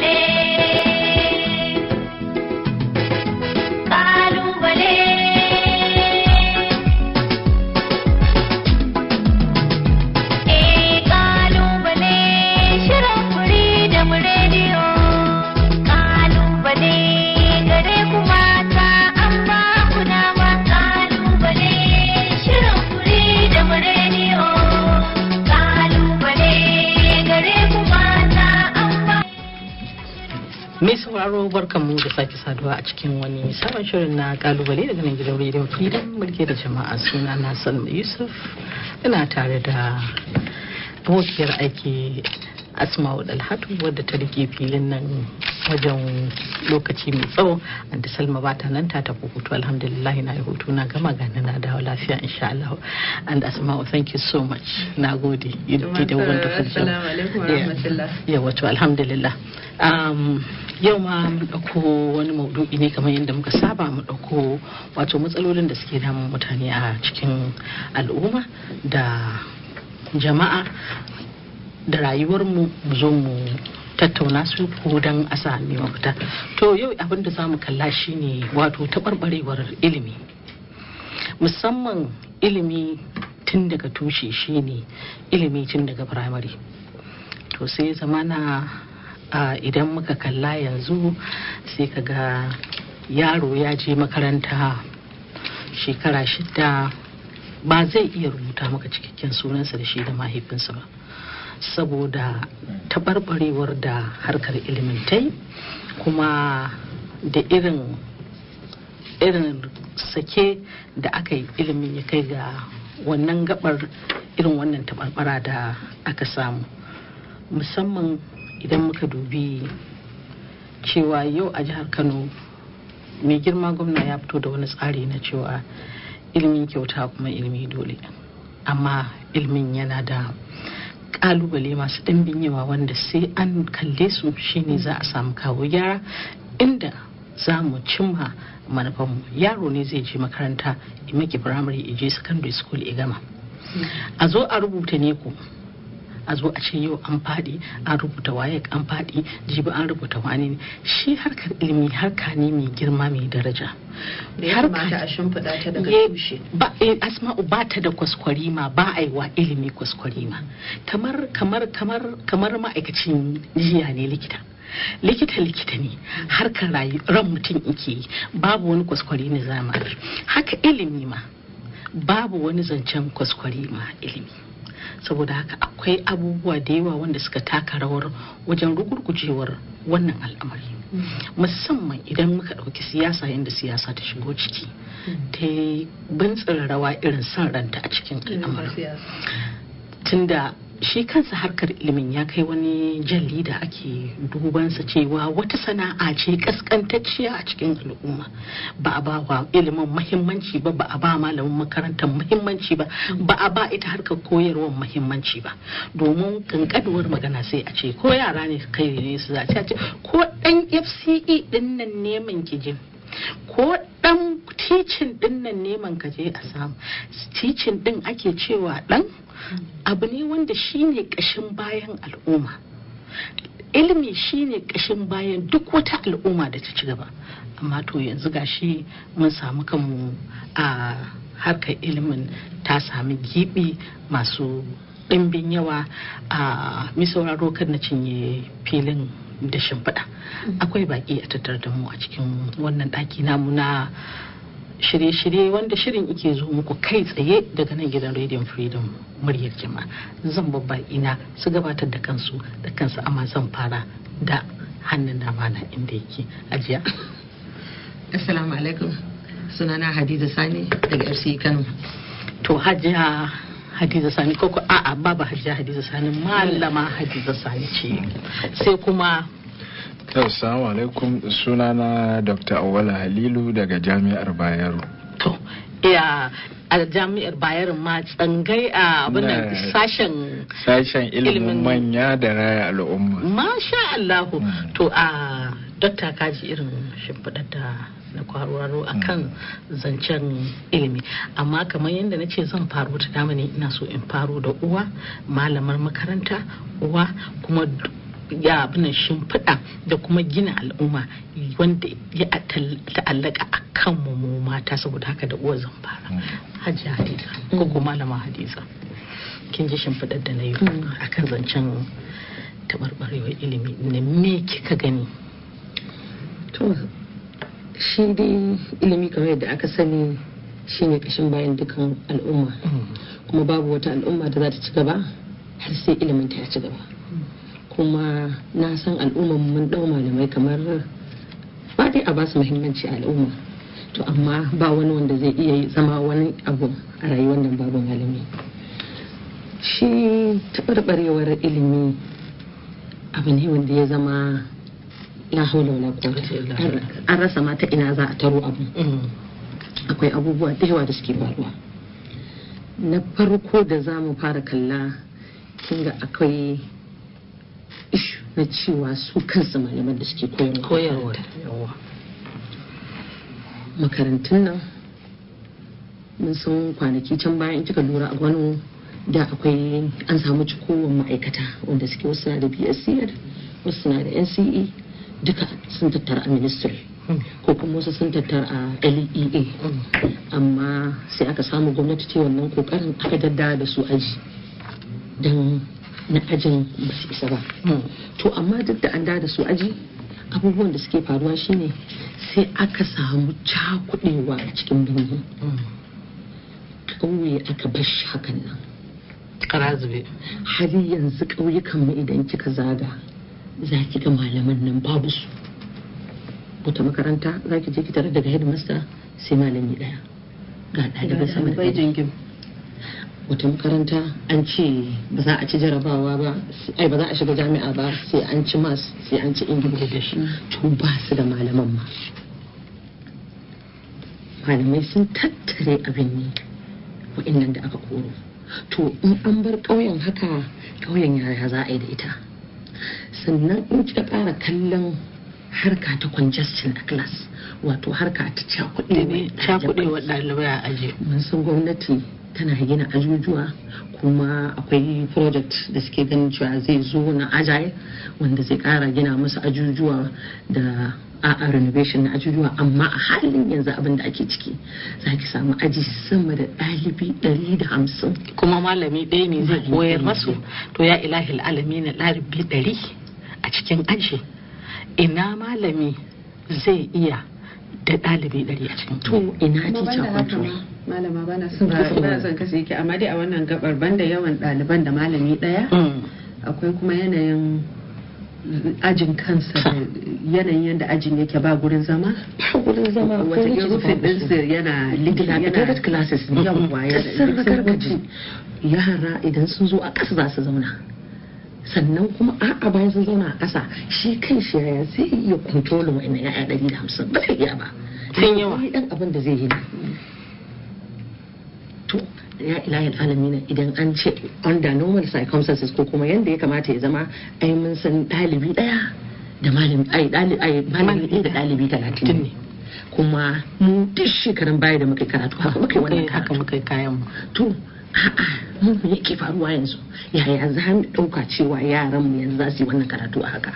चले saduwa a cikin wani sabon shirin na kalubale daga nan gidan rediyon freedom mulke da jama'a suna na salma yusuf ina tare da bokiyar aiki asma'u dalhatu wadda ta rike filin nan wajen lokaci mai tsawo da salma ba ta nan ta tafi hutu alhamdulillah na yi hutu na gama gani na dawo lafiya insha Allah and asma'u thank you so much na gode you did a wonderful job yeah, yeah wato alhamdulillah um, yau ma mu ɗauko wani maudu'i ne kamar yadda muka saba mu ɗauko wato matsalolin da suke damun mutane a cikin al'umma da jama'a da rayuwarmu mu zo mu tattauna su ko don a sami mafita to yau abin da za mu kalla shine wato taɓarɓarewar ilimi musamman ilimi tun daga tushe shine ilimi tun daga firamare to sai zamana A idan muka kalla yanzu sai ka ga yaro ya je makaranta shekara shida ba zai iya rubuta maka cikakken sunansa da shi da mahaifinsa ba saboda taɓarɓarewar da harkar ilimin kuma da irin irin sake da aka yi ilimin ya kai ga wannan gabar irin wannan taɓarɓara da aka samu musamman idan muka dubi cewa yau a jihar kano mai girma gwamna ya fito da wani tsari na cewa ilimin kyauta kuma ilimi dole amma ilimin yana da kalubale masu ɗimbin yawa wanda sai an kalle su shine za a samu kawo gyara inda za mu cimma manufanmu yaro ne zai je makaranta imaki primary ije secondary school igama a zo a rubuta ne ku a zo a ce yau an faɗi an rubuta waye an faɗi jibi an rubuta wani ne shi harkar ilimi harka ne mai girma mai daraja harka ta daga eh, tushe ba eh, asma'u ba ta da kwaskwarima ba a yi wa ilimi kwaskwarima kamar kamar kamar kamar ma'aikacin jiya ne likita likita likita ne harkar ran mutum ake yi babu wani kwaskwari na zamani haka ilimi ma babu wani zancen kwaskwari ma ilimi saboda haka akwai abubuwa da yawa wanda suka taka rawar wajen rugurgujewar wannan al'amari musamman idan muka ɗauki siyasa yadda siyasa ta shigo ciki hmm. ta yi rawa irin son ranta a cikin al'amarin tunda shi kansa harkar ilimin ya kai wani jalli da ake dubansa cewa wata sana'a ce kaskantacciya a cikin al'umma ba a ba wa ilimin mahimmanci ba ba a ba malamin makarantar muhimmanci ba ba a ba ita harkar koyarwar mahimmanci ba domin kankanuwar magana sai a ce ko yara ne kai ne su za a ce ko dan fce din nan neman kijin ko dan ticin din nan neman kaje a samu ticin din ake cewa dan abu ne wanda shine kashin bayan al'umma ilimi shine kashin bayan duk wata al'umma da ta ci gaba amma to yanzu gashi mun samu kanmu a harkar ilimin ta sami gibi masu ɗimbin yawa a misauraro kan na cinye filin da shimfiɗa mm. akwai baƙi a tattare da mu a cikin wannan ɗaki namu na shirye-shirye wanda shirin ike zo muku kai tsaye daga nan gidan rediyon freedom muryar jama'a zan babba ina su gabatar da kansu da kansu amma zan fara da hannun dama na inda yake ajiya assalamu alaikum sunana hadiza sani daga fc kano to hajiya hadiza sani ko a'a babu hajiya hadiza sani malama hadiza sani ce sai kuma Assalamu alaikum sunana Dr. Awala Halilu daga Jami'ar Bayero. To, iya a jami'ar Bayero ma tsangai a abinan sashen sashen ilimin manya da raya al'umma. Masha Allahu. Hmm. To a dokta kaji irin shimfiɗar da na kwararo a kan hmm. zancen ilimi amma kamar yadda na ce zan faru ta dama ina so in faro da uwa malamar makaranta uwa kuma ya abinan shimfiɗa da kuma gina al'umma wanda ya ta'allaka a kan mu mata saboda haka da uwar zamfara mm. hajji hadiza ko kuma malama hadiza kin ji shimfiɗar da na yi mm. a kan zancen taɓarɓarewar ilimi na me kika gani to shi dai ilimi kamar yadda aka sani shi ne kashin bayan dukan al'umma mm. kuma babu wata al'umma da za ta ci gaba har sai ilimin ta ya ci gaba kuma na san al'ummar mun da malamai kamar ba dai a basu muhimmanci al'umma to amma ba wani wanda zai iya zama wani abu a rayuwar nan babu malami shi taɓarɓarewar ilimi abu ne wanda ya zama la haula an rasa mata ina za a taro abu mm. akwai abubuwa da yawa da suke faruwa na farko da za mu fara kalla kinga akwai na cewa su kansu malaman da suke koyarwa makarantun nan mun san kwanaki can bayan kika lura a wani da akwai an samu cikowar ma'aikata wanda suke wasu na da bsc wasu na da nce duka sun tattara a ministry ko kuma wasu sun tattara a lea amma sai aka samu gwamnati ce wannan kokarin aka dada da su aji don na ajin ba su isa ba hmm. to amma duk da an da da su aji abubuwan da suke faruwa shine sai aka samu cakudewa a cikin birni hmm. ƙauye aka bar shi hakan nan karazube har yanzu ƙauyukan mu idan kika zaga za ki ga malaman nan babu su wata makaranta za ki je ki tare daga headmaster sai malami daya ga ɗalibai sama da wata makaranta an ce ba za a ci jarabawa ba ai ba za a shiga jami'a ba sai an ci mas sai an ci english mm. to ba su da malaman ma malamai sun tattare abin ne wa'annan da aka koro to in an bar ƙauyen haka ƙauyen yaya za a yi da ita sannan in kika ƙara kallon harka ta congestion a class wato harka ta cakuɗewa ɗalibai a aji mun san gwamnati tana gina ajujuwa kuma akwai project da suke ganin cewa zai zo na ajaye wanda zai kara gina masu ajujuwa da a renovation na ajujuwa amma a halin yanzu abin da ake ciki za ki samu aji sama da ɗalibi ɗari kuma malami ɗaya ne zai koyar masu to ya ilahi alami na ɗalibi ɗari a cikin aji ina malami zai iya da ɗalibi ɗari a cikin to ina teacher malama bana na son ba zan kashe ki amma dai a wannan gabar banda yawan ɗaliban da malami ɗaya mm. akwai kuma yanayin ajin kansa da yanayin yadda ajin yake ba gurin zama ba gurin zama wata ke rufin ɗinsa yana lidila yana private classes yawwa yana yara idan sun zo a ƙasa za su zauna sannan kuma a'a bayan sun zauna a ƙasa shi kan shi yaya zai iya kwantolin wa'annan ya'ya ɗari da hamsin ba zai iya ba sai yawa ɗan abin da zai yi ya ilahin alamina idan an ce under normal circumstances ko kuma yadda ya kamata ya zama ai mun san dalibi daya da malami ɗaya da dalibi talatin ne kuma mu duk shekarun baya da muka karatu haka muka yi wannan haka muka yi kayan mu to a'a mu yake faruwa yanzu yaya za mu ɗauka cewa yaran mu yanzu za su yi wannan karatu a haka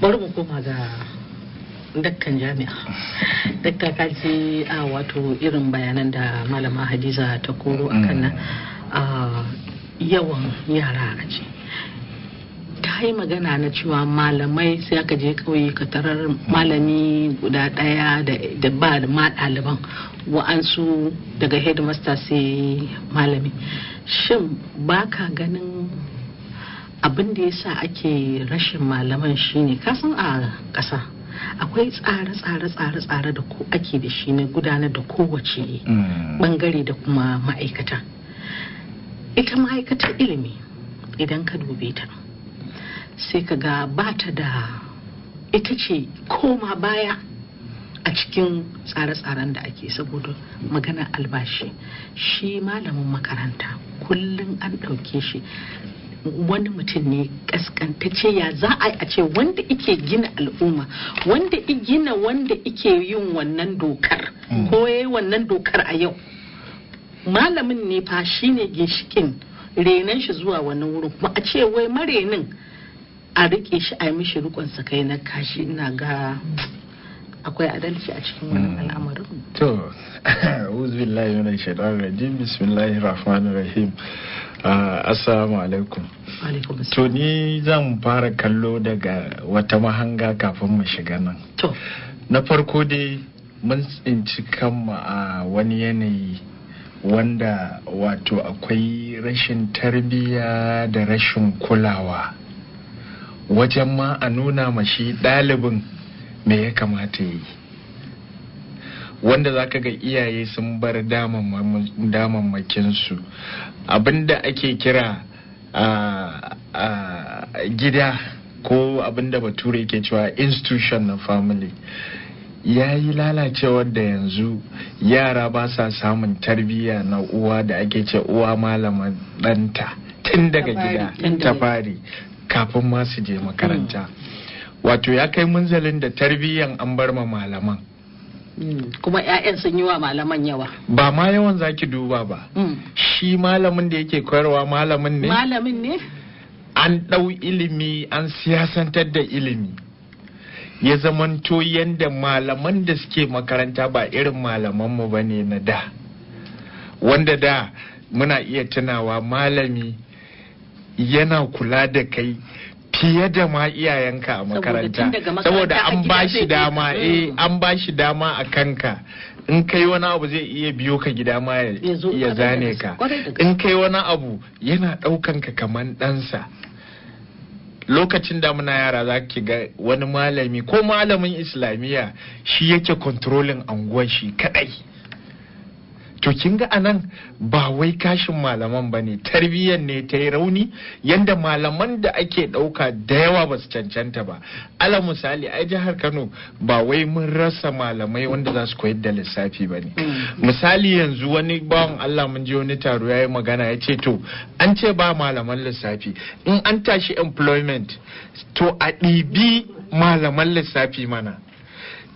bari mu koma ga Dakkan jami'a dukka ka ji a wato irin bayanan da malama hadiza ta koro a kan yawan yara a ce ta yi magana na cewa malamai sai aka je kauye ka tarar malami guda daya da ba da ma ɗaliban wa'ansu daga headmaster sai malami shin ba ka ganin abinda da ya sa ake rashin malaman shine kasan a ƙasa akwai tsare-tsare-tsare-tsare da ko ake da shi na gudanar da kowace mm. bangare da kuma ma'aikata ita ma'aikatar ilimi idan ka dube ta sai ka ga bata da ita ce koma baya a cikin tsare-tsaren da ake saboda maganar albashi shi malamin makaranta kullum an ɗauke shi wani mutum ne kaskantacce ya za a yi a ce wanda ike gina al'umma wanda i gina wanda ike yin wannan dokar mm. ko ya yi wannan dokar a yau malamin ne fa shine ginshikin renan shi zuwa wani wurin kuma a ce wai marenin a rike shi a yi mishi rikon kai na kashi ina ga akwai adalci a cikin wannan mm. al'amarin to uzu min shaitanir rajim bismillahir rahmanir rahim Ah, assalamu alaikum. To ni zan fara kallo daga wata mahanga kafin mu shiga nan. To. Na farko dai mun tsinci kanmu a wani yanayi wanda wato akwai rashin tarbiyya da rashin kulawa wajen ma a nuna mashi ɗalibin me ya kamata yi. wanda za ka ga iyaye sun bar damammakinsu abinda ake kira a gida ko abinda bature ke cewa institution na family ya yi lalacewar da yanzu yara ba sa samun tarbiyya na uwa da ake ce uwa malama ɗanta tun daga gida ta fari kafin ma su je makaranta mm. wato ya kai munzalin da tarbiyyan an bar ma malaman kuma 'ya'yan sun yi wa malaman yawa ba ma yawan zaki duba ba mm. shi malamin da yake koyarwa malamin ne malamin ne an ɗau ilimi an siyasantar da ilimi ya zamanto yadda malaman da suke makaranta ba irin malamanmu ba ne na da wanda da muna iya tunawa malami yana kula da kai fiye da ma iyayenka a makaranta saboda an ba shi dama eh an ba shi dama a kanka in kai wani abu zai iya biyo ka gida ma ya zane ka in kai wani abu yana ɗaukan ka kaman ɗansa lokacin da muna yara za ki ga wani malami ko malamin islamiyya shi yake kontrolin anguwan shi kadai to kin ga anan ba wai kashin malaman ba ne tarbiyyar ne ta yi rauni yadda malaman da ake ɗauka da yawa ba su cancanta ba ala misali a jihar kano ba wai mun rasa malamai wanda za su koyar da lissafi ba ne mm. misali yanzu wani bawan allah mun je wani taro ya yi magana ya ce to an ce ba malaman lissafi in an tashi employment to a ɗibi malaman lissafi mana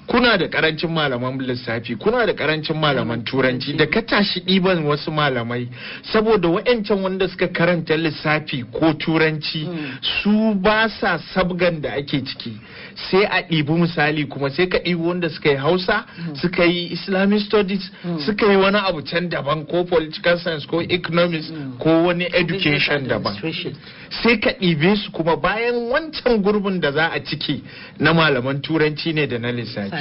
kuna da karancin malaman lissafi kuna da karancin malaman turanci da ka tashi ɗiban wasu malamai saboda wa'yancan wanda suka karanta lissafi ko turanci hmm. su ba sa sabgan da ake ciki sai a ɗibi misali kuma sai ka ɗibi wanda suka yi hausa hmm. suka yi islamic studies hmm. suka yi wani abu can daban ko political science ko economics ko wani education daban sai ka ɗibe su kuma bayan wancan gurbin da za a ciki na malaman turanci ne da na lissafi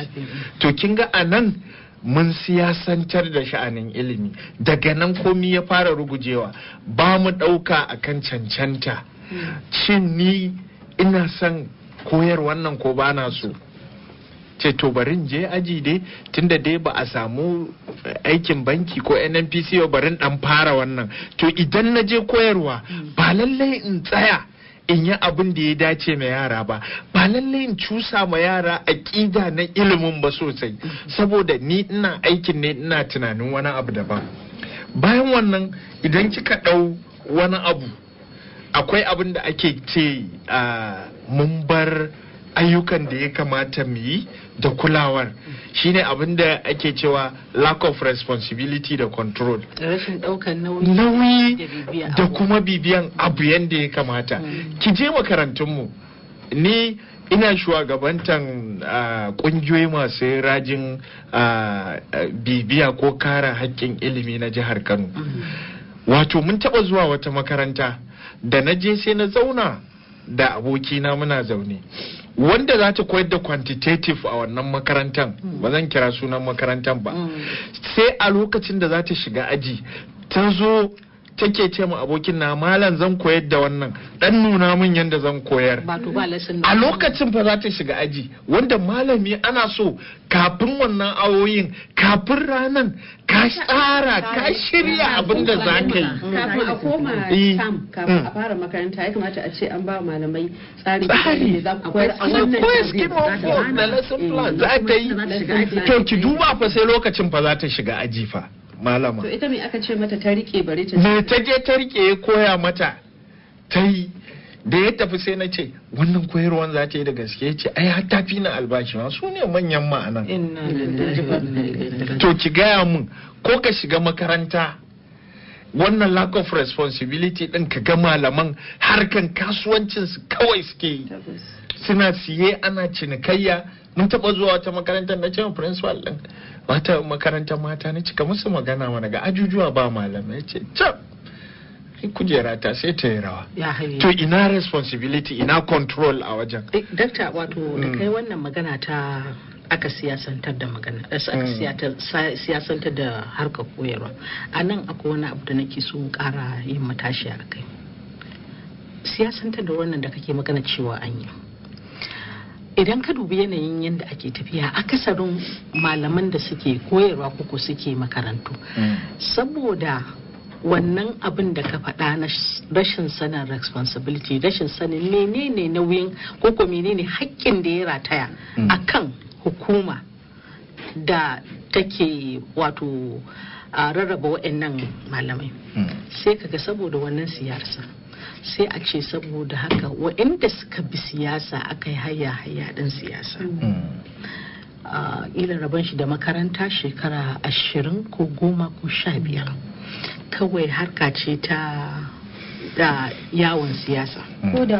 to kin ga anan mun siyasantar da sha'anin ilimi daga nan komi ya fara rugujewa ba mu ɗauka kan cancanta hmm. shin ni ina son koyar wannan ko ba na so ce to barin je aji dai tunda dai ba a samu aikin banki ko nnpc ba barin dan fara wannan to idan na je koyarwa hmm. ba lallai in tsaya in yi abin da ya dace ma yara ba ba lalle in cusa ma yara a aƙida na ilimin ba sosai saboda ni ina aikin ne ina tunanin wani abu da ba bayan wannan idan kika ɗau wani abu akwai abin da ake ce ah, mun bar ayyukan da ya kamata mu yi da kulawar shine abin da ake cewa lack of responsibility da control nauyi da kuma bibiyan abu yadda ya kamata mm. ki je makarantunmu ni ina shugabantan kungiyoyi masu rajin bibiya ko kara haƙƙin ilimi na jihar kano mm. wato mun taɓa zuwa wata makaranta da na je sai na zauna da abokina muna zaune wanda za ta koyar da quantitative a wannan makarantar hmm. ba zan kira sunan makarantar ba hmm. sai a lokacin da za ta shiga aji ta zo take ce mu abokin na malam zan koyar da wannan dan nuna min yadda zan koyar a lokacin fa za ta shiga aji wanda malami ana so kafin wannan awoyin kafin ranan ka tsara ka shirya abin da za ka yi kafin a koma sam kafin a eh. mm. fara makaranta ya kamata a ce an ba malamai tsari tsari za ku koyar a wannan da lesson plan eh, za ta yi to ki duba fa sai lokacin fa za ta shiga aji fa malama to ita me aka ce mata ta rike bare ta me ta je ta rike ya koya mata ta yi da ya tafi sai na ce wannan koyarwan za ta yi da gaske ce ai har ta fi na albashi ma su ne manyan ma'anan to ki gaya mun ko ka shiga makaranta wannan lack of responsibility din ka ga malaman harkan kasuwancinsu kawai suke yi suna siye ana cinikayya mun taɓa zuwa wata makarantar na cewa principal ɗin Wata makarantar mata na cika musu magana mana ga ajujuwa ba malamai ce cap kujera ta sai ta yi rawa to ina responsibility ina control a wajen eh, dakta wato da hmm. kai wannan magana ta aka siyasantar da magana eh, aka hmm. siyasantar da harkar koyarwa a nan akwai wani abu da nake so kara yin matashi a kai siyasantar da wannan da kake magana cewa an yi idan ka dubi yanayin yadda ake tafiya akasarin malaman da suke koyarwa kuku suke makarantu mm. saboda wannan abin da ka faɗa na rashin sanin responsibility rashin sanin menene nauyin koko menene haƙƙin da ya rataya mm. A kan hukuma da take wato a rarraba waɗannan malamai mm. sai kaga saboda wannan siyarsa sai a ce saboda haka waɗanda suka bi siyasa aka yi haya haya ɗin siyasa mm. mm. ilin rabon shi da makaranta shekara ashirin ko goma ko sha biyar kawai harka ce ta da yawon siyasa mm. ko da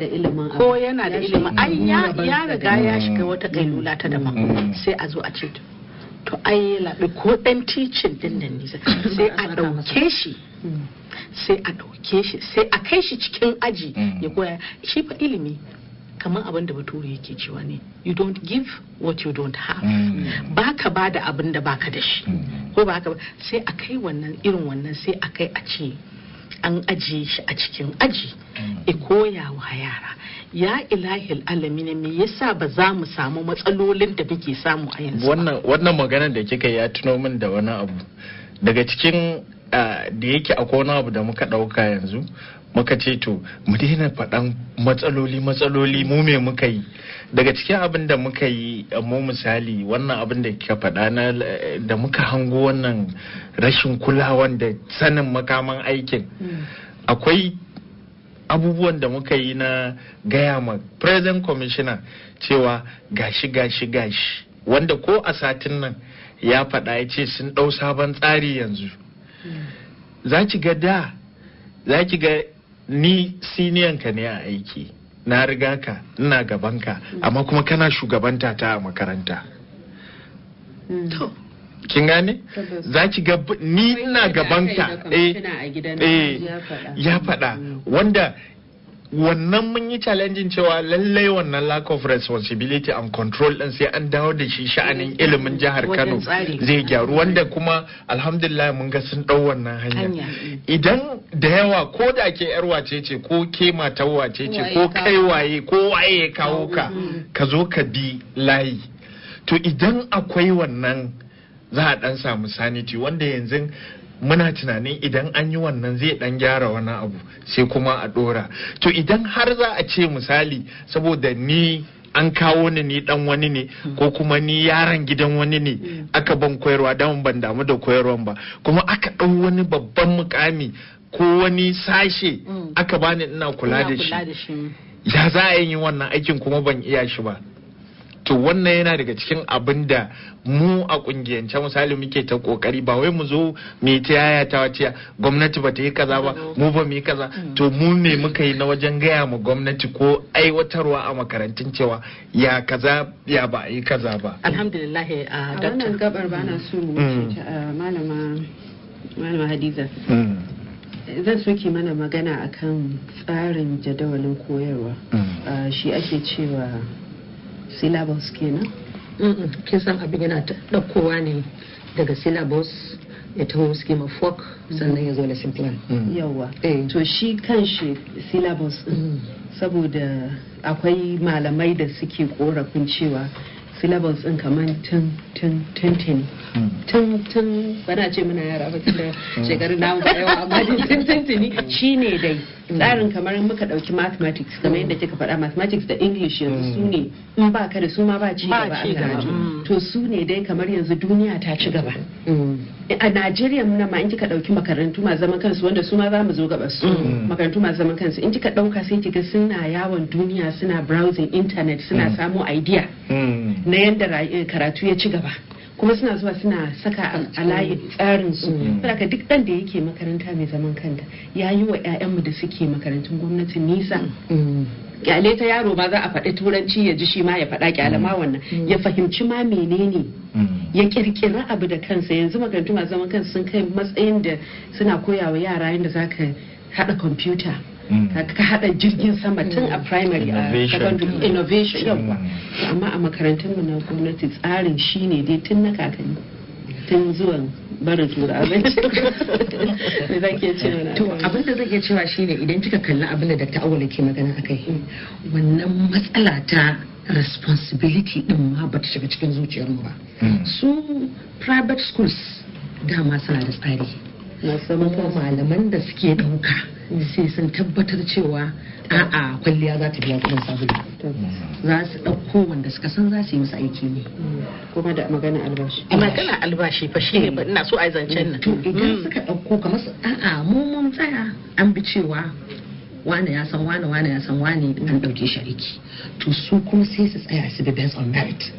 da ilimin ko yana da ilimin ai ya riga ya shiga wata kailula ta dama. sai a zo a ce to ai ko ɗan ticin din nan nisa sai a ɗauke shi sai a ɗauke shi sai a kai shi cikin aji mm. ya koya shi fa ilimi kamar abin da bature yake cewa ne you don't give what you don't have mm. ba ka ba da abin da baka da shi mm. ko ba ka sai a kai wannan irin wannan sai a kai a ce an ajiye shi a cikin aji e koya wa yara ya ilahil alamin me yasa ba za mu samu matsalolin da muke samu a yanzu wannan wannan maganar da kika ya tuno min da wani abu daga cikin da yake a kona abu da muka ɗauka yanzu muka ce to mu daina faɗan matsaloli matsaloli mu me muka yi daga cikin abin da muka yi mu misali wannan abin da kika faɗa na da muka hango wannan rashin kulawan da sanin makaman aikin mm. akwai abubuwan da muka yi na gaya ma president commissioner cewa gashi gashi gashi wanda ko a satin nan ya faɗa ya ce sun ɗau sabon tsari yanzu za ki ga da za ki ga ni siniyan ka ne a aiki na riga ka ina gaban ka amma kuma kana shugabanta ta a makaranta hmm. kin gane za ki ga ni ina gaban ka eh, eh ya faɗa hmm. wanda wannan mun yi challenging cewa lallai wannan lack of responsibility and control din sai an dawo da shi sha'anin ilimin jihar Kano zai gyaru wanda kuma alhamdulillah mun ga sun dau wannan hanya mm. idan da yawa ko da ke yar wace ce ko ke mata wace ce ko kai waye ko waye ya kawo ka mm, mm, ka zo ka bi layi to idan akwai wannan za a dan samu sanity wanda yanzu muna tunanin idan an yi wannan zai dan gyara wani abu sai kuma a dora to idan har za a ce misali saboda ni an kawo ni ni dan wani ne ko kuma ni yaran gidan wani ne aka ban koyarwa dan ban damu da koyarwan ba kuma aka ɗau wani babban mukami ko wani sashe mm. aka bani ina kula da shi ya za a yi wannan aikin kuma ban iya shi ba to wannan yana daga cikin abin da mu a kungiyance misali muke ta kokari ba wai mu zo mu ta yaya ta wace gwamnati ba ta yi kaza ba mu ba mu yi kaza mm. to mu me muka yi na wajen gaya mu gwamnati ko aiwatarwa a makarantun cewa ya kaza ya ba a yi kaza ba alhamdulillah uh, a wannan gabar ba na so mm. uh, malama malama hadiza mm. zan soke mana magana akan tsarin jadawalin koyarwa uh, shi ake cewa syllabus kenan kin san abin yana ɗaukowa ne daga syllabus ya taho scheme of sannan ya zo lesson plan mm. yawa eh. to shi kan shi syllabus mm. saboda akwai malamai da suke korafin cewa syllables in kamar tun tun tun tun hmm. tun tun bana ce muna yara ba da hmm. shekarun namu ba yawa amma tun tun tuni hmm. shine dai tsarin kamar muka dauki mathematics kamar yadda kika faɗa mathematics da english yanzu su ne in ba ka da su ma ba ci gaba a karatu to su ne dai kamar yanzu duniya ta ci gaba a Najeriya muna ma in kika dauki makarantu ma zaman kansu wanda su ma za mu zo gaba su mm. makarantu ma zaman kansu in kika dauka sai kiga suna yawon duniya suna browsing internet suna mm. samo idea mm. na yanda eh, karatu ya ci gaba kuma suna zuwa suna saka a layi tsarin su saboda duk dan da yake makaranta mai zaman kanta ya yi wa 'ya'yanmu da suke makarantun gwamnati nisa kyale ta yaro ma za a faɗi turanci ya ji shi ma ya faɗa kyale ma mm. wannan mm. ya fahimci ma menene mm. ya kirkira abu da kansa yanzu makarantu masu zaman kansu sun kai matsayin da suna koyawa yara yadda za ka haɗa kwamfuta ka haɗa jirgin sama tun a primary a secondary innovation amma a makarantun mu na gwamnati tsarin shine dai tun na kakanni tun zuwan barin tura abinci ke ce to abin da zai iya cewa shine idan kika kalli abin da Dr. Awala ke magana akai wannan matsala ta responsibility din ma ba ta shiga cikin zuciyar mu ba hmm. su private schools dama suna da tsari kuma malaman da suke ɗauka mm. sai sun tabbatar cewa a'a kwalliya za ta biya kuɗin sabulu mm. za su ɗauko wanda suka san za su yi musu aiki ne mm. kuma da magana albashi magana albashi fa shi ne ina so a zancen nan to idan suka ɗauko kamar a'a mu mun tsaya an bi cewa wane ya san wane wane ya san wane an ɗauke shi aiki to su kuma sai su tsaya su bi based on merit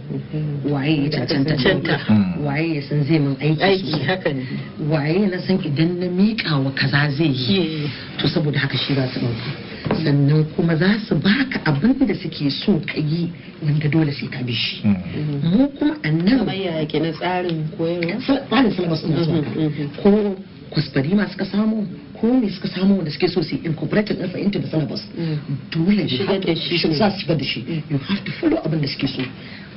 waye ya cancanta hmm. waye ya san zai min aiki haka ne waye na san idan na miƙa wa kaza zai yi to saboda haka shi ba su ɗauka sannan kuma za su baka abin da suke so ka yi wanda dole sai ka bi shi hmm. mu kuma annan kamar ya ke na tsarin koyarwa tsarin salamas ɗin mm-hmm, mm-hmm. ko kuskure masu ka samu ko me suka samu wanda suke so su incorporated na fahimta da syllabus mm. dole shigar da shi za da shi you have to follow abin da suke so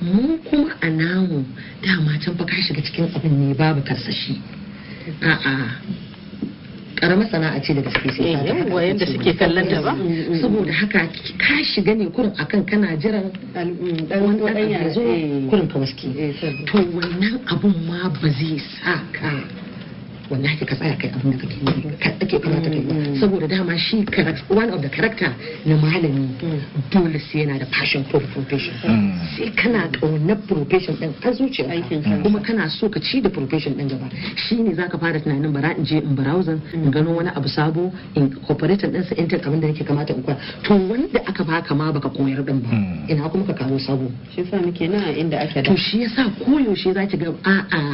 mu kuma a namu dama can fa ka shiga cikin abin ne babu karsashi a'a karamar sana'a ce da eh, suke sai ta yawa da suke kallon da ba mm, mm, saboda haka ka shiga ne kurin akan kana jiran dan wani dan ya zo eh. kurin ka waske eh, to wannan abun ma ba zai sa ka wallahi ka tsaya kai abin da kake yi kake kamata kai mm. saboda dama shi one of the character na malami mm. dole sai yana da passion for profession mm. sai kana kaunar profession din a zuciya kuma kana so ka ci da profession din gaba shine zaka fara tunanin bara in je in browser in gano wani abu sabo in corporate din sa intel abin da nake kamata in kula. to wanda aka baka ma baka koyar din ba ina kuma ka kawo sabo shi yasa muke nan inda ake da to shi yasa koyaushe zaki ga a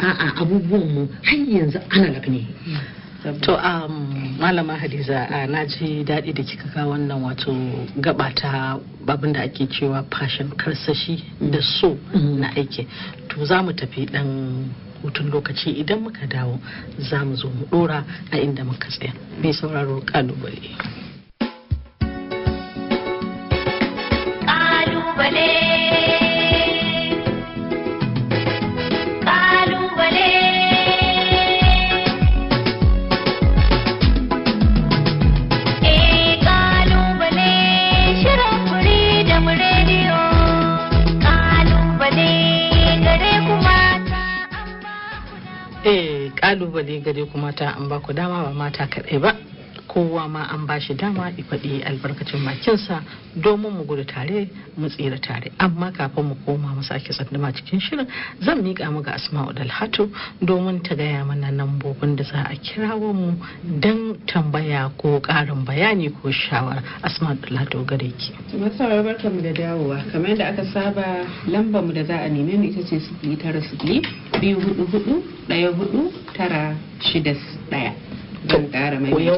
a'a abubuwan mu har yanzu ana lagni hmm. to um, malama hadiza uh, na ji daɗi da kika ga wannan wato gabata ta babin da ake cewa fashin karsashi da hmm. so hmm. na aiki to za mu tafi ɗan hutun lokaci idan muka dawo za mu zo mu ɗora a inda muka tsaya mai sauraro ƙalubale. Ƙalubale. kalubale gare ku mata an ba ku dama ba mata kaɗai ba kowa ma an ba shi dama ya faɗi albarkacin makinsa domin mu gudu tare mu tsira tare amma kafin mu koma mu sake tsandama cikin shirin zan miƙa mu ga asma'u dalhatu domin ta gaya mana nan bobin da za a kirawo mu don tambaya ko ƙarin bayani ko shawara asma'u dalhatu gare ki. masarar barkamu da dawowa kamar yadda aka saba lambar mu da za a neme mu ita ce sifili tara sifili biyu hudu hudu ɗaya hudu tara shida ɗaya. zan ƙara mai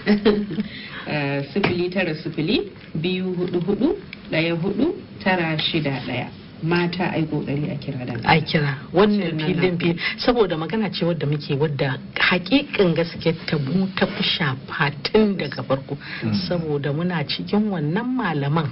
eh, sifili tara sifili biyu hudu hudu ɗaya hudu tara shida ɗaya mata ai kokari a kira da a kira wannan filin fi saboda magana ce wadda muke wadda hakikin gaske ta mu ta fi shafa tun daga farko hmm. saboda muna cikin wannan malaman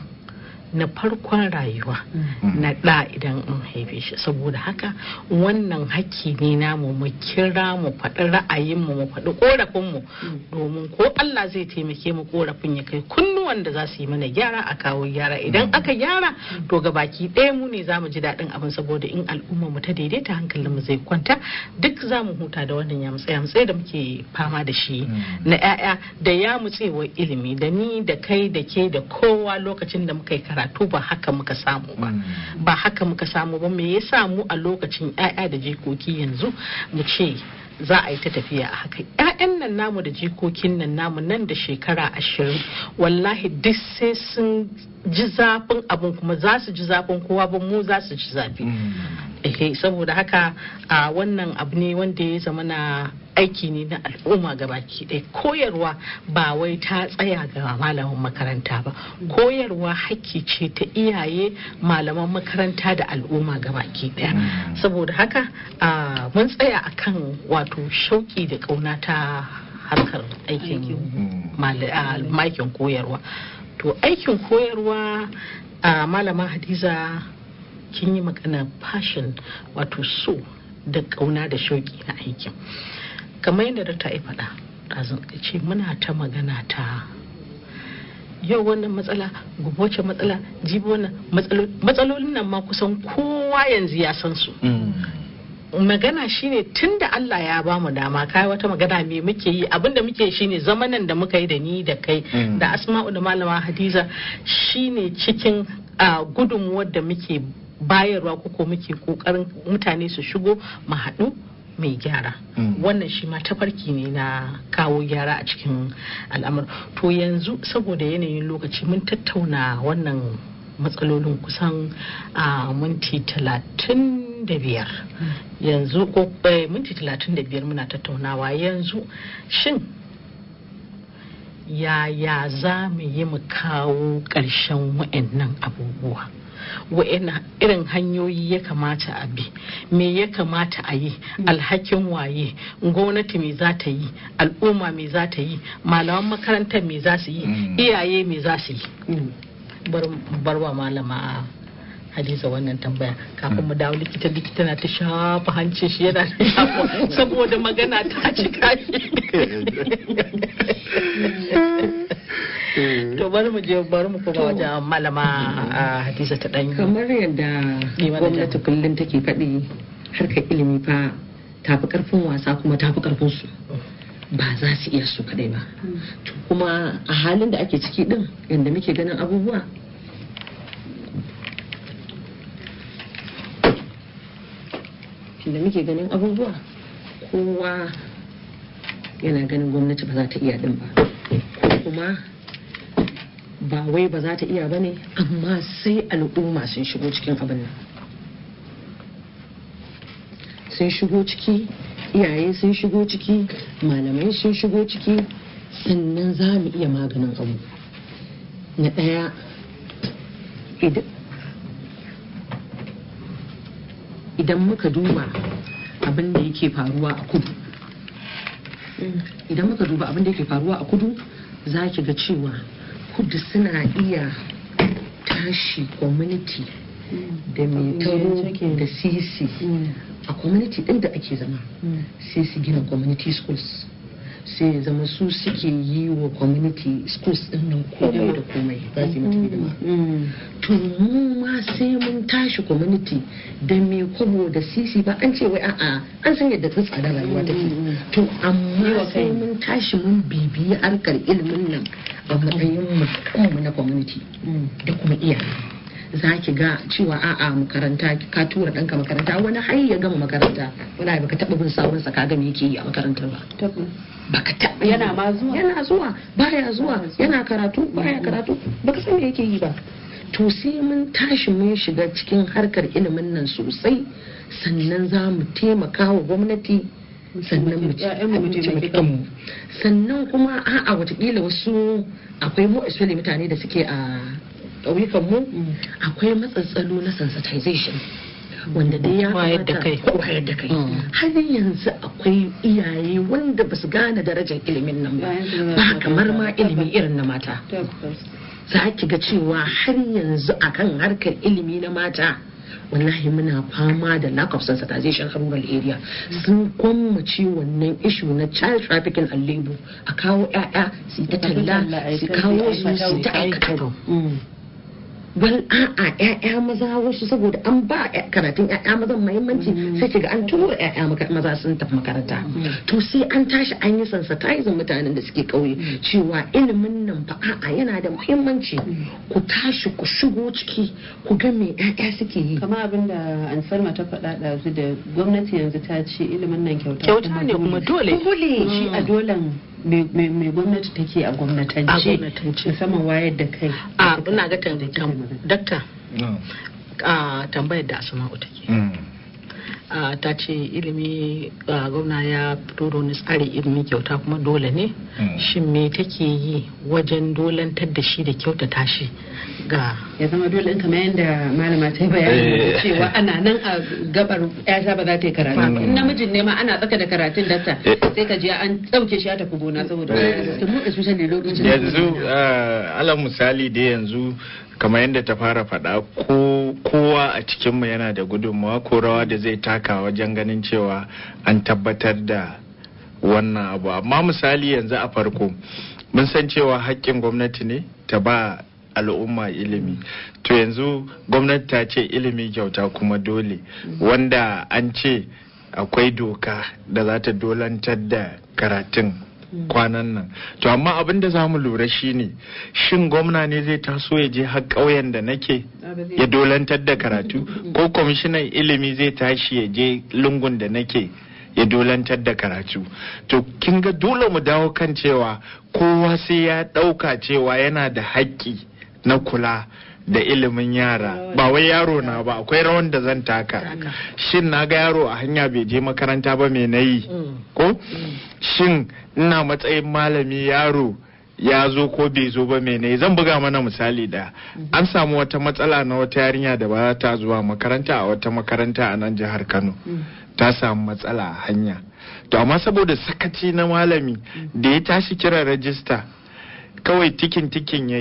na farkon rayuwa mm. na ɗa idan in haife shi saboda haka wannan haƙƙi ne namu mu kira mu faɗi ra'ayinmu mu faɗi ƙorafinmu mm. domin ko Allah zai taimake mu korafin ya kai kunnuwan da za su yi mana gyara a kawo gyara idan mm. aka gyara to ga baki ɗaya mu ne za mu ji daɗin abin saboda in al'umma mu ta daidaita hankalin mu zai kwanta duk za mu huta da wannan yamtsa yamtsa da muke fama da shi na 'ya'ya da ya mutsewar ilimi da ni da kai da ke da kowa lokacin da muka yi karatu ba haka muka samu ba hmm. ba haka muka samu ba me yasa mu a lokacin 'ya'ya da jikoki yanzu mu ce za a yi ta tafiya a haka 'ya'yan nan namu da jikokin nan namu nan da shekara ashirin wallahi duk sai sun ji zafin abin kuma za su ji zafin kowa ba mu za su ji zafi hmm. eh, saboda haka a wannan abu ne wanda ya zama na aiki ne na al'umma gabaki ɗaya koyarwa ba wai ta tsaya ga malaman makaranta ba koyarwa hakki ce ta iyaye malaman makaranta da al'umma gabaki ɗaya mm. saboda haka mun tsaya akan wato shauki da ƙauna ta harkar aikin makin koyarwa to aikin koyarwa a malama hadiza kin yi magana fashin wato so da ƙauna da shauki na aikin kamar yadda ta yi faɗa ɗazun ce muna ta magana ta yau wannan matsala gubocin matsala jibo wannan matsalolin nan ma kusan kowa yanzu ya san su mm. magana shine da Allah ya ba mu dama kai wata magana me muke yi abinda muke shine zamanan da muka yi da ni da kai mm. da asma'u da malama hadiza shine cikin gudunmuwar da muke bayarwa ko muke kokarin mutane su shigo mu haɗu mai gyara mm. wannan shi ma tafarki ne na kawo gyara a cikin al'amur to yanzu saboda yanayin lokaci mun tattauna wannan matsalolin kusan a minti talatin da biyar mm. yanzu ko eh, minti talatin da biyar muna tattaunawa yanzu shin yaya za mu yi mu kawo ƙarshen wa'annan abubuwa wa'ina irin hanyoyi ya kamata a bi me ya kamata a yi alhakin waye gwamnati me za ta yi al'umma me za ta yi malaman makarantar me za su yi mm. iyaye me za su yi mm. barwa malama Hadiza wannan tambaya kafin mu dawo likita likita na ta shafa hanci shi yana saboda magana ta cika shi Mm. to bari mu je bari mu koma wajen malama mm. ah, Hadiza ta dan kamar yadda gwamnati kullum take faɗi harkar ilimi fa tafi karfin wasa kuma tafi karfin su ba za su iya su kadai ba mm. to kuma a halin da ake ciki din yadda muke ganin abubuwa da muke ganin abubuwa kowa yana ganin gwamnati ba za ta iya din ba kuma ba wai ba za ta iya ba ne amma sai al'umma sun shigo cikin abin nan sun shigo ciki iyaye sun shigo ciki malamai sun shigo ciki sannan za mu iya maganin abu na ɗaya idan muka duba abin da yake faruwa a kudu idan muka duba abin da yake faruwa a kudu za ki ga cewa kudu suna iya tashi community da mm. mai taro da sisi mm. a community din da ake zama mm. sai su gina community schools sai ya zama su suke yi wa community schools din nan komai da komai ba su yi mata hidima mm, mm, mm. to mu ma sai mun tashi community da me kwabo da sisi ba an ce wai a'a an san yadda ta tsada rayuwa take to amma sai mun tashi mun bibiyi harkar ilimin nan a matsayin mu na community da kuma iyaye za ki ga cewa a'a makaranta ka tura ɗanka makaranta wani har ya gama makaranta wala baka taɓa bin sawun sa ka ga yake yi a makarantar ba baka taɓa yana ma zuwa yana zuwa baya zuwa yana karatu baya karatu baka san me yake yi ba to sai mun tashi mun shiga cikin harkar ilimin nan sosai sannan za mu taimaka wa gwamnati sannan mu mu sannan kuma a'a watakila wasu akwai mu mutane da suke a ƙauyukan mu mm. akwai matsatsalo na sensitization wanda dai ya kamata kai da kai mm. har yanzu akwai iyaye wanda ba su gane darajar ilimin nan ba kamar ma ilimi irin na mata za ki ga cewa har yanzu akan harkar ilimi na mata wallahi muna fama da lack of sensitization a rural area sun gwammace wannan ishu na child trafficking and labor a kawo 'ya'ya su ta talla su kawo su su ta aikata mm. wani a'a ƴaƴa maza wasu saboda an ba karatun ƴaƴa maza muhimmanci mm. sai kiga an turo ƴaƴa maza sun tafi makaranta mm. to sai an tashi an yi sensitizing mutanen da suke kauye mm. cewa ilimin nan fa a'a yana da muhimmanci ku tashi ku shigo ciki ku ga me ƴaƴa suke yi kamar abin da Ansarma ta faɗa ɗazu da gwamnati yanzu ta ce ilimin nan kyauta kyauta ne kuma dole dole shi a dolen. me gwamnati take a gwamnatance musamman wayar da kai a ina ga dakta a tambayar da asma'u take mm. ta ce ilimi gwamna ya fito ni tsari ilimi kyauta kuma dole ne mm. shin me take yi wajen dolantar da shi da kyauta tashi ga ya zama dole in kamar yadda malama ta yi bayani eh. cewa ana nan a gabar yata ba za ta yi karatu mm. in namijin ne ma ana tsaka da karatun datta eh. sai ka je an tsauke shi ya tafi gona saboda eh. mu ne lokacin yanzu ah, ala misali da yanzu kamar yadda ta fara faɗa kowa a cikinmu yana da gudunmawa ko rawa da zai taka wajen ganin cewa an tabbatar da wannan abu amma misali yanzu a farko mun san cewa haƙƙin gwamnati ne ta ba al'umma ilimi to yanzu gwamnati ta ce ilimi kyauta kuma dole wanda an ce akwai doka da za ta dolantar da karatun kwanan nan to amma abin da za mu lura shine shin gwamna ne zai taso ya je har ƙauyen da nake ya dolantar da karatu ko kwamishinan ilimi zai tashi ya je lungun da nake ya dolantar da karatu to kin ga dole mu dawo kan cewa kowa sai ya ɗauka cewa yana da haƙƙi na kula da ilimin yara ba wai yaro na ba akwai rawan da zan taka shin na ga yaro a hanya bai je makaranta ba mai nayi mm. ko mm. shin ina matsayin malami yaro ya zo ko bai zo ba mai nayi zan buga mana misali da mm-hmm. an samu wata matsala na wata yarinya da ba ta zuwa makaranta a wata makaranta a nan jihar kano mm. ta samu matsala a hanya to amma saboda sakaci na malami da ya tashi kira rajista kawai tikin tikin ya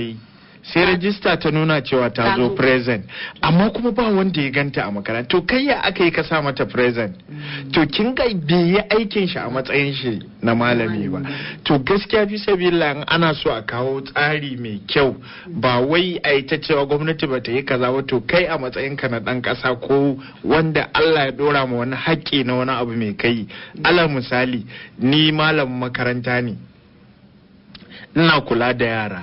sai rajista ta nuna cewa ta zo present amma kuma ba wanda ya ganta a makaranta to kai ya aka yi ka mata present mm. to kin ga bai yi aikin shi a matsayin shi na malami ba to gaskiya fi sabila ana so a kawo tsari mai kyau ba wai a ita cewa gwamnati ba ta yi kaza ba to kai a matsayin ka na dan kasa ko wanda Allah ya dora ma wani haƙƙi na wani abu mai kai Allah misali ni malamin makaranta ne ina kula da yara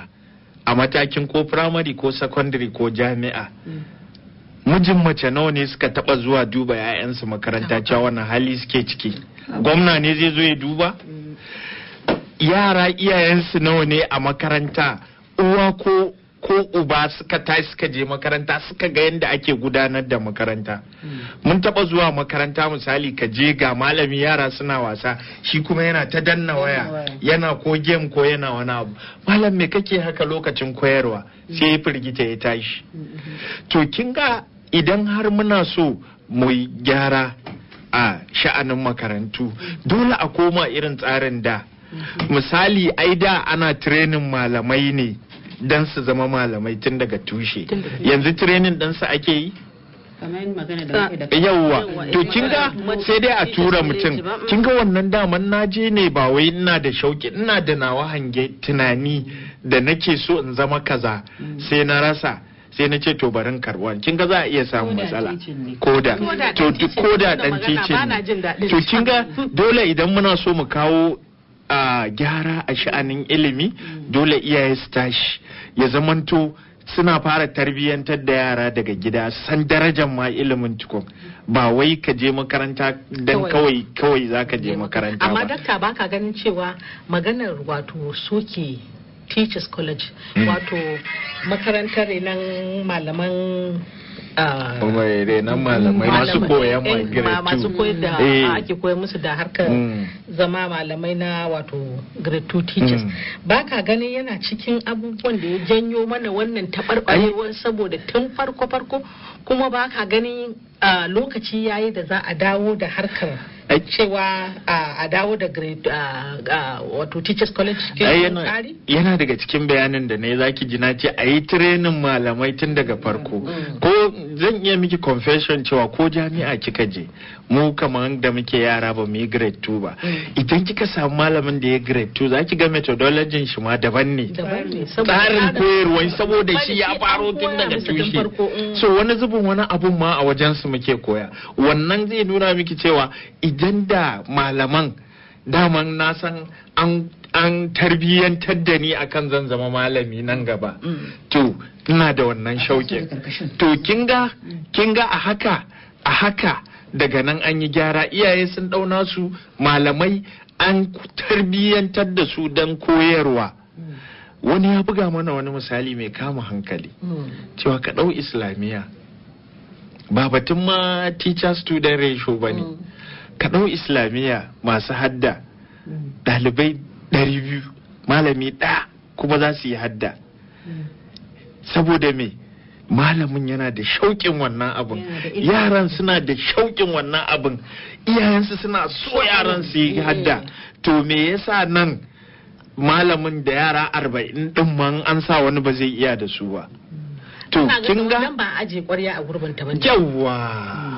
a matakin ko firamare ko secondary ko jami'a mm. mijin mace nawa ne suka taba zuwa duba 'ya'yansu makaranta cewa wannan hali suke ciki gwamna ne zai zo ya duba mm. yara iyayensu nawa ne a makaranta uwa ko ko uba suka tashi suka je makaranta suka ga yadda ake gudanar da makaranta mun taba zuwa makaranta misali ka je ga malami yara suna wasa shi kuma yana ta danna waya yana ko game ko yana wani abu malam me kake haka lokacin koyarwa sai ya firgita ya tashi to kin ga idan har muna so mu gyara a sha'anin makarantu dole a koma irin tsarin da misali ai da ana training malamai ne dan su zama malamai tun daga tushe yanzu training dan su ake yi yauwa to kinga sai dai a tura mutum mm. kinga wannan daman naje ne ba wai ina da shauki ina da nawa hange tunani da nake so in zama kaza mm. sai na rasa sai na ce to barin karuwa kinga za a iya samun matsala koda to koda dan titin to kinga dole idan muna so mu kawo a gyara a sha'anin ilimi dole iyaye su tashi ya zamanto suna fara tarbiyyantar da yara daga gida san darajar ma ilimin tukun ba wai ka je makaranta dan kawai kawai za ka je makaranta amma dakta ba ka ganin cewa maganar wato soke teachers college hmm. wato makarantar nan malaman Ah. mai renon malamai masu koyan eh, grade masu koyar da eh. ake koyar musu da harkar mm. zama malamai na wato grade 2 teachers mm. ba ka ganin yana cikin abubuwan da ya janyo mana wannan taɓarɓarewar saboda tun farko farko kuma ba ka ganin ah, lokaci yayi da za a dawo da harkar Eh, cewa a dawo da wato teachers college tsari yana daga cikin bayanin da ne zaki ji na ce a yi training malamai tun daga farko mm, mm. ko zan iya miki confession cewa ko jami'a kika je mu kamar da muke yara ba mu yi grade 2 ba mm. idan kika samu malamin da ya grade 2 zaki ga methodology shi ma daban ne tsarin koyarwa saboda shi ya faro tun daga tushe so wani zubin wani abun ma a wajen su muke koya wannan zai nuna miki cewa idan da malaman daman na san an an tarbiyyantar da ni akan zan zama malami nan gaba mm. to ina da wannan shauƙin to kinga kinga a haka a haka daga nan an yi gyara iyaye sun ɗauna su malamai an tarbiyyantar da su don koyarwa mm. wani ya buga mana wani misali mai kama hankali mm. cewa ka dau islamiyya ba batun ma teacher student ratio ba ne Kaɗau islamiyya masu hadda ɗalibai ɗari biyu malami ɗa kuma za su yi hadda saboda me malamin yana da shauƙin wannan abin yaran suna da shauƙin wannan abin iyayensu suna so yaran su yi hadda to me yasa nan malamin da yara arba'in ɗin man an sa wani ba zai iya da su ba to kin ga ba a je ƙwarya a gurbin ta yawwa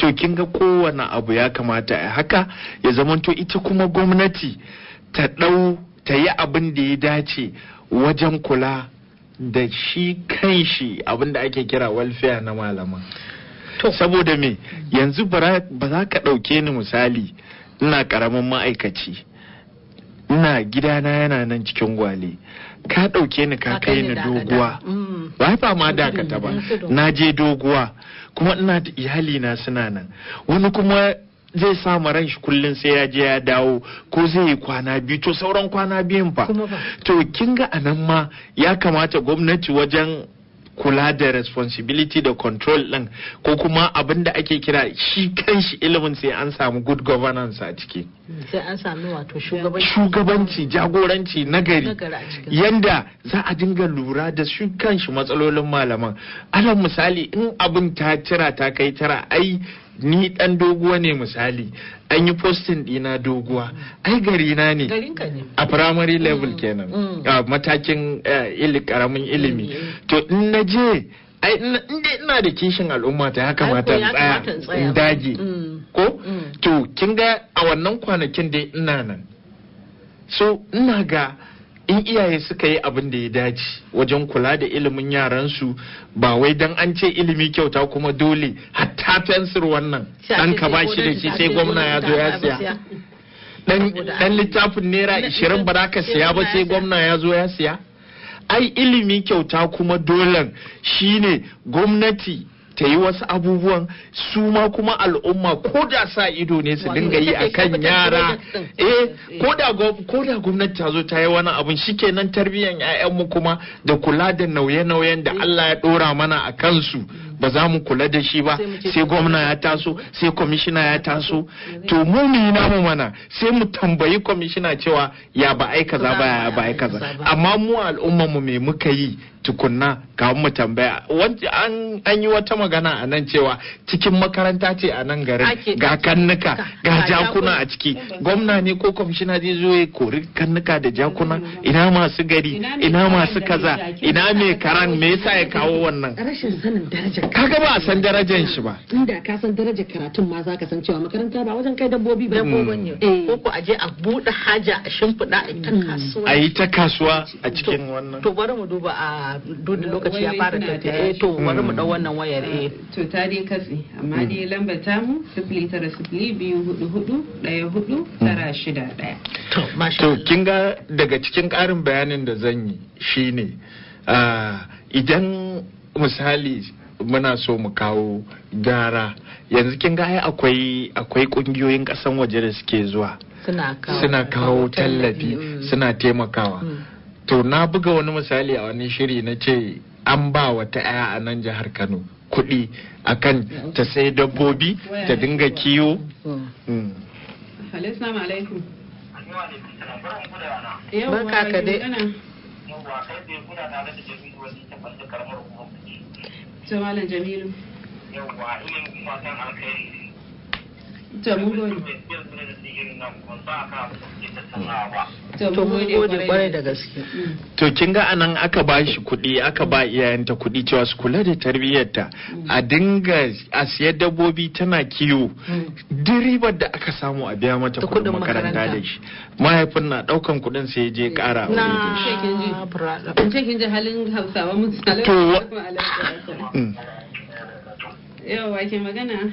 to kin ga kowane abu ya kamata a haka ya zamanto ita kuma gwamnati ta ɗau ta yi abin da ya dace wajen kula da shi kan shi abin da ake kira walfiya na malama saboda me yanzu ba za ka ɗauke ni misali ina ƙaramin ma'aikaci ina gidana yana nan cikin gwale ka ɗauke ni ka kai ni doguwa mm. ba da ma dakata ba na je doguwa kuma ina da iyali na suna nan wani kuma zai samu ran shi kullum sai ya je ya dawo ko zai yi kwana biyu to sauran kwana biyun fa to kin ga anan ma ya kamata gwamnati wajen kula da responsibility da control ɗin ko kuma abin da ake kira shi kanshi ilimin sai an samu good governance a ciki sai an samu wato shugabanci Shugabanci jagoranci nagari yanda za a dinga lura da shi kanshi matsalolin malaman alal misali in abin ta tira ta kai tara ai ni dan doguwa ne misali an yi postin dina doguwa ai gari na ne a primary level mm, kenan mm. a matakin karamin eh, ilimi mm, to in na je ai ina da kishin al'umma ta ya kamata tsaya in dage ko to kin ga a wannan kwanakin dai ina nan so ina ga in iyaye suka yi abin da ya dace wajen kula da ilimin yaransu ba wai dan an ce ilimi kyauta kuma dole hatta fensir wannan dan ka ba shi da shi sai gwamna ya zo ya siya dan littafin naira ishirin ba za ka siya ba sai gwamna ya zo ya siya ai ilimi kyauta kuma dolen shine gwamnati ta yi wasu abubuwan su ma kuma al'umma ko da sa ido ne su dinga yi a kan yara eh, eh. ko da gwamnati ta zo ta yi wani abun shikenan tarbiyyar 'ya'yanmu kuma da kula da nauye-nauyen da eh. Allah ya ɗora mana a kansu ba za mu kula da shi ba sai gwamna ya taso sai kwamishina ya taso to mu mu yi namu mana sai mu tambayi kwamishina cewa ya ba ai kaza ba ya ba ai kaza amma mu al'umma mu me muka yi tukunna ka mu tambaya an yi wata magana a nan cewa cikin makaranta ce a nan garin ga kannuka ga jakuna a ciki gwamna ne ko kwamishina zai zo ya kori kannuka da jakuna ina masu gari ina masu kaza ina mai karan me yasa ya kawo wannan rashin sanin darajar kaga ba a san darajar shi ba inda ka san darajar karatun ma za ka san cewa makaranta ba wajen kai dabbobi ba eh. ko ko ko aje a bude haja a shimfiɗa a ta mm. kasuwa a yi ta kasuwa a cikin wannan to bari mu duba a duk lokaci ya fara tafiya eh to bari mu dau wannan wayar eh to ta dai katse amma mm. dai lambar tamu 0902441461 mm. to masha to kin ga daga cikin ƙarin bayanin da zan yi shine ah, idan misali muna so mu kawo gyara yanzu kin gaya akwai akwai kungiyoyin kasan waje da suke zuwa suna kawo tallafi mm. suna taimakawa mm. to na buga wani misali a wani shiri na ce an ba wata 'ya a nan jihar kano kuɗi akan ta sai dabbobi ta dinga kiwo mm. Barka ka dai. to malam jamilu yawwa fatan alkhairi to mun gode da gaske mm. to kin ga anan aka ba shi kuɗi aka ba iyayenta kuɗi cewa su kula da tarbiyyarta mm. a dinga a siyar dabbobi tana kiwo mm. diribar da aka samu a biya mata kuɗin makaranta da shi mahaifin na ɗaukan kuɗin sai je ƙara na cikin ah, ji halin hausawa mutu yawa ke magana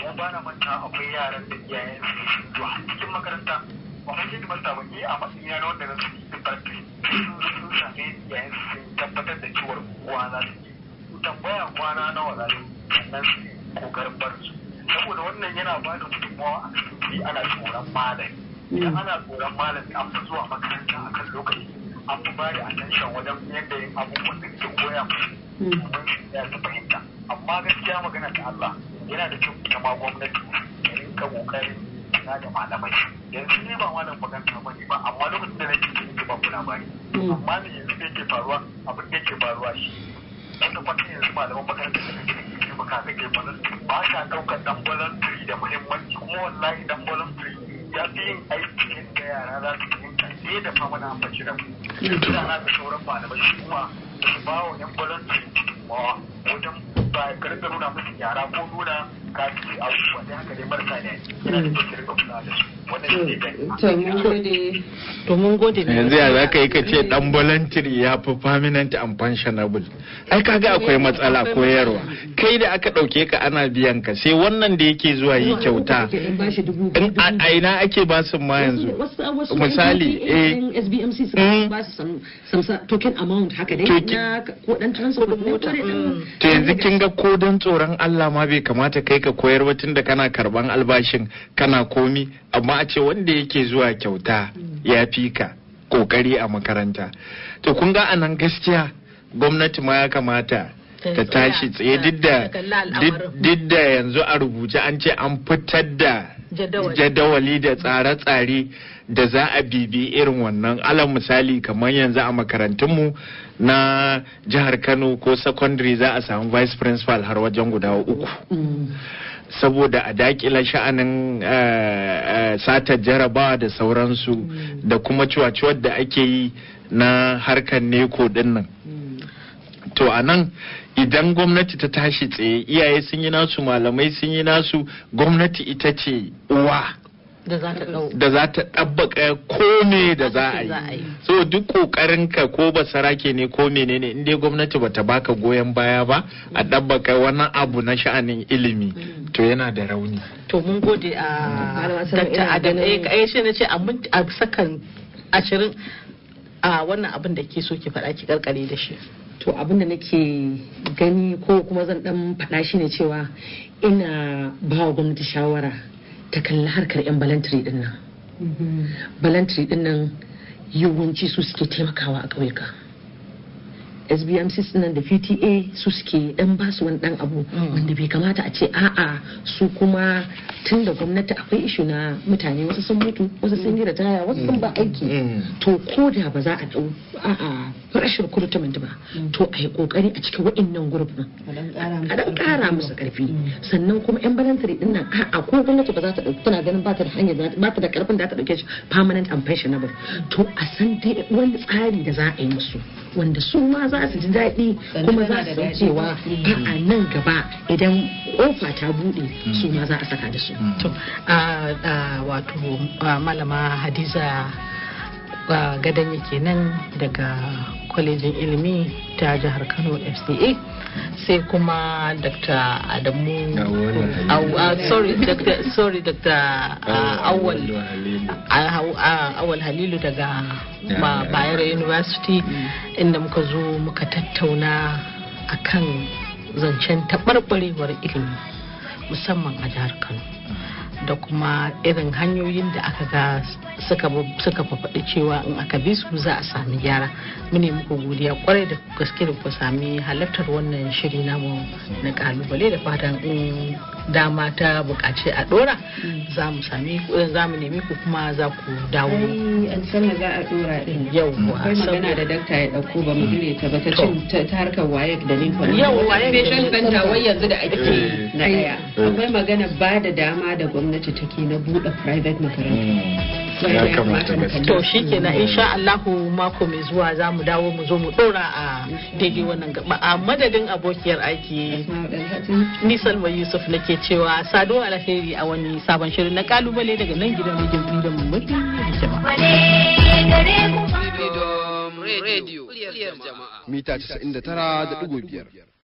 kuma ba na manta akwai yaran da iyayen su sun zuwa cikin makaranta ba mai shi masta ba ni a matsayin na wanda zan su yi barci sun sami iyayen su sun tabbatar da cewar uwa za su yi tambaya kwana nawa za su sannan su yi kokarin barci saboda wannan yana ba da gudunmawa a cikin ana tsoron malami idan ana tsoron malami an fi zuwa makaranta a kan lokaci an fi ba da attention wajen yadda abubuwan da ke koya musu hmm. domin ya su fahimta amma gaskiya magana ta Allah yana da kyau ita ma gwamnati ta rinka kokarin kula da malamai yanzu ne ba wannan maganta ba ne ba amma lokacin da nake ke nake ba ku labari mm. amma ne yanzu da yake faruwa abin da yake faruwa shi ne. da kwata yanzu malaman makarantar da kake ke taimaka kake fara. ba sa ɗaukar dan volunteer da muhimmanci kuma wallahi dan volunteer ya fi yin aikin da yara za su ta ne da fama na ambaci da mu. Ina na da sauran malamai shi kuma su ba wa 'yan volunteer wajen ba ka rinka nuna musu yara ko nuna ka fi abubuwa da haka ne marasa ne yana da kyau ka rinka kula da su to mun gode yanzu ya za ka yi ka ce dan voluntary ya fi permanent and pensionable ai kaga akwai matsala koyarwa kai da aka dauke ka ana biyan ka sai wannan da yake zuwa yi kyauta in a ina ake ba su ma yanzu misali eh SBMC sun hmm. ba su token amount haka dai ko dan transport mota to yanzu kin ga ko dan tsoron Allah ma bai kamata kai ka koyarwa tunda kana karban albashin kana komi amma a ce wanda yake zuwa kyauta ya fi ka kokari a makaranta to kun ga anan gaskiya gwamnati ma ya kamata eh, ta tashi tsaye duk da yanzu a rubuce an ce an fitar da jadawali da tsare-tsare da za a bibi irin wannan alal misali kamar yanzu a makarantunmu na jihar kano ko secondary za a samu vice principal har wajen guda uku mm. saboda a dakila sha'anin eh, eh, satar jarabawa da sauransu mm. da kuma ciwaciwar da ake yi na harkar neko din nan mm. to a nan idan gwamnati ta tashi tsaye iyaye sun yi nasu malamai sun yi nasu gwamnati ita ce uwa da za ta ɗabbaka kome da za a yi so duk ƙoƙarin ka ko ba sarake ne ko menene inda dai gwamnati ta baka goyon baya ba a ɗabbaka wani abu na sha'anin ilimi mm. to yana da rauni to mun gode a dakta adam eh shi na ce a sakan ashirin a wannan abin da ke so ki faɗa ki karkare da shi to abin da nake gani ko kuma zan dan faɗa shi ne cewa ina ba gwamnati shawara ta kalli harkar 'yan balantiri dinnan nan mm-hmm. balantiri yawanci su suke taimakawa a ƙauyuka sbmc nan da vta su suke dan basu wani dan abu mm. wanda bai kamata a ce a'a su kuma tun da gwamnati akwai ishu na mutane wasu sun mutu wasu sun yi ritaya wasu sun ba aiki mm. Mm. to ko da ba za a dau a'a rashin recruitment ba to a yi kokari a cikin wa'annan gurbin a dan kara musu karfi sannan kuma yan balantari din nan a'a ko gwamnati ba za ta dauki tana ganin ba ta da hanyar ba ta da karfin da ta dauke shi permanent and pensionable to a san dai wani tsari da za a yi musu wanda su ma za su ji daɗi kuma za su san cewa eh. a nan gaba idan kofa ta buɗe mm. su ma za a saka da su. Mm. wato malama hadiza Gadon yake nan daga kwalejin ilimi ta jihar kano fca sai kuma dr adamu uh, sorry dr ah, uh, awal ah, ah, awal halilu daga bayero university mm. inda muka zo muka tattauna akan zancen taɓarɓarewar ilimi musamman a jihar kano da kuma irin hanyoyin da aka ga suka faɗi cewa in aka bi su za a sami gyara mu ne muku godiya kwarai da gaske da ku sami halartar wannan shiri namu na kalubale da fatan in dama ta bukaci a dora mm. za mu sami za mu nemi ku kuma za ku dawo an sanar za a dora din yau akwai magana da dakta ya dauko ba mu dire mm. ta ba ta cin ta harkar waye da lincoln yau waye patient center wai yanzu da ake eh. na daya eh. akwai magana ba da dama da gwamnati gwamnati take na buɗe private makaranta hmm. ya kamata ke to shikenan insha Allahu mako mai zuwa za mu dawo mu zo mu dora a daidai wannan gaba a madadin abokiyar aiki Nisal Mai Yusuf nake cewa sado alheri a wani sabon shirin na kalubale daga nan gidan rediyon Freedom Mutum Radio. Mita 99.5.